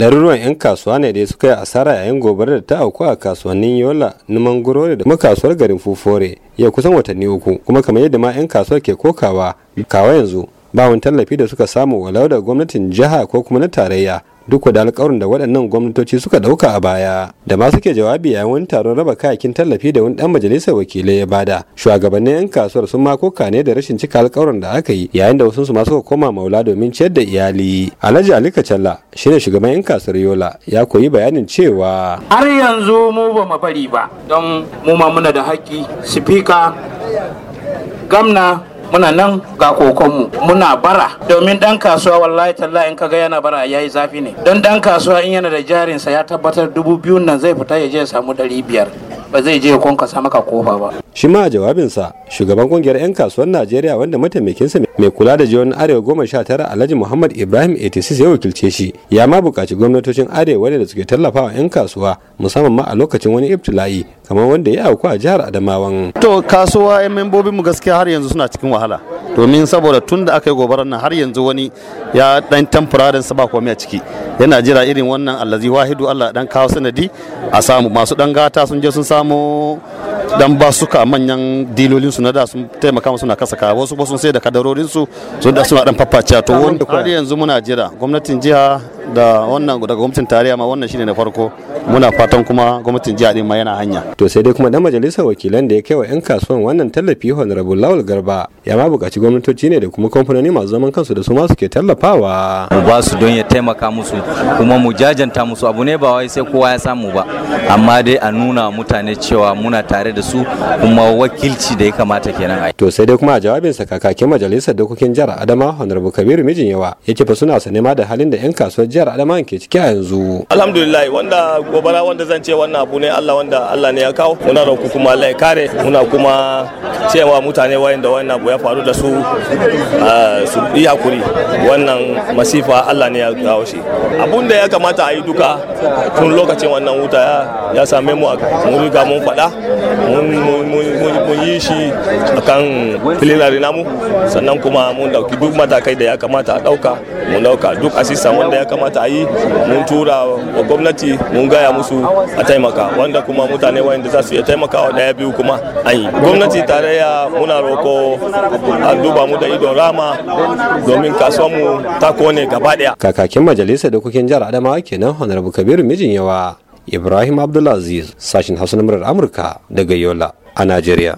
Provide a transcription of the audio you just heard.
daruruwan 'yan kasuwa ne da suka yi asara yayin gobarar da ta auku a kasuwannin yola na mangoro da kuma kasuwar garin fufore ya kusan watanni uku kuma kamar yadda ma 'yan kasuwar ke kokawa kawa yanzu ba wani tallafi da suka samu walau da gwamnatin jiha ko kuma na tarayya duk da alƙawarin da waɗannan gwamnatoci suka ɗauka a baya da ma suke jawabi yayin wani taron raba kayakin tallafi da wani ɗan majalisar wakilai ya bada shugabannin 'yan kasuwar sun ma koka ne da rashin cika alƙawarin da aka yi yayin da wasu su ma suka koma maula domin ciyar da iyali alhaji ali kacalla shine shugaban 'yan kasuwar yola ya koyi bayanin cewa har yanzu mu ba mu bari ba don mu ma muna da haƙƙi sifika gamna muna nan ga kokonmu muna bara domin dan kasuwa wallahi talla in kaga yana bara yayi zafi ne don dan kasuwa in yana da jarinsa ya tabbatar dubu biyun nan zai fita ya je ya samu ɗari biyar ba zai je kasa maka kofa ba shi ma a jawabinsa shugaban kungiyar 'yan kasuwar najeriya wanda mataimakinsa mai kula da jihohin arewa goma sha tara alhaji muhammad ibrahim 86 ya wakilce shi ya ma buƙaci gwamnatocin arewa da suke tallafa tallafawa 'yan kasuwa musamman ma a lokacin wani ibtila'i kamar wanda ya auku a jihar adamawan to kasuwa 'yan membobinmu gaskiya har yanzu suna cikin wahala domin saboda tun da aka yi gobarar nan har yanzu wani ya dan tamfurarin sa ba komai a ciki yana jira irin wannan allazi wahidu Allah dan kawo sanadi a samu masu dan gata sun je sun samu dan ba suka manyan dilolin su na da sun taimaka musu na kasa ka wasu ba sun sai da kadarorin su sun da suna dan faffaciya to har yanzu muna jira gwamnatin jiha da wannan daga gwamnatin tarayya ma wannan shine na farko muna fatan kuma gwamnatin jiha din ma yana hanya to sai dai kuma dan majalisar wakilan da ya kai wa yan kasuwan wannan tallafi honorable lawal garba ya ma bukaci gwamnatoci ne da kuma kamfanoni masu zaman kansu da su ma suke tallafawa mu ba su don ya taimaka musu kuma mu jajanta musu abu ne ba wai sai kowa ya samu ba amma dai a nuna mutane cewa muna tare da su kuma wakilci da ya kamata kenan to sai dai kuma a jawabinsa kakakin majalisar dokokin jihar adama honorable kabiru mijin yawa yake fa suna sane ma da halin da yan kasuwar jihar Adamawa ke ciki a yanzu alhamdulillah wanda gobara wanda zan ce wannan abu ne Allah wanda Allah ne ya kawo muna roƙo kuma Allah ya kare muna kuma cewa mutane wayanda wannan abu ya faru da su ah, su yi hakuri wannan masifa Allah ne ya kawo shi abun da ya kamata a yi duka tun lokacin wannan wuta ya same mu mun riga mun faɗa mun mun yi shi akan filinari namu sannan kuma mun dauki duk matakai da ya kamata a dauka mun dauka duk asista wanda ya kamata a yi mun tura wa gwamnati mun gaya musu a taimaka wanda kuma mutane wayanda za su iya taimakawa daya biyu kuma an yi gwamnati tarayya muna roko a duba mu da idon rama domin mu ta kone gaba daya kakakin majalisar dokokin jihar adamawa kenan honorable kabiru mijin yawa Ibrahim Abdulaziz, sashen Hausa na Amurka daga Yola a Najeriya.